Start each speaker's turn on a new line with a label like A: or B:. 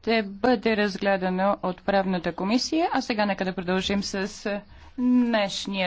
A: ще бъде разгледано от правната комисия. А сега нека да продължим с
B: днешния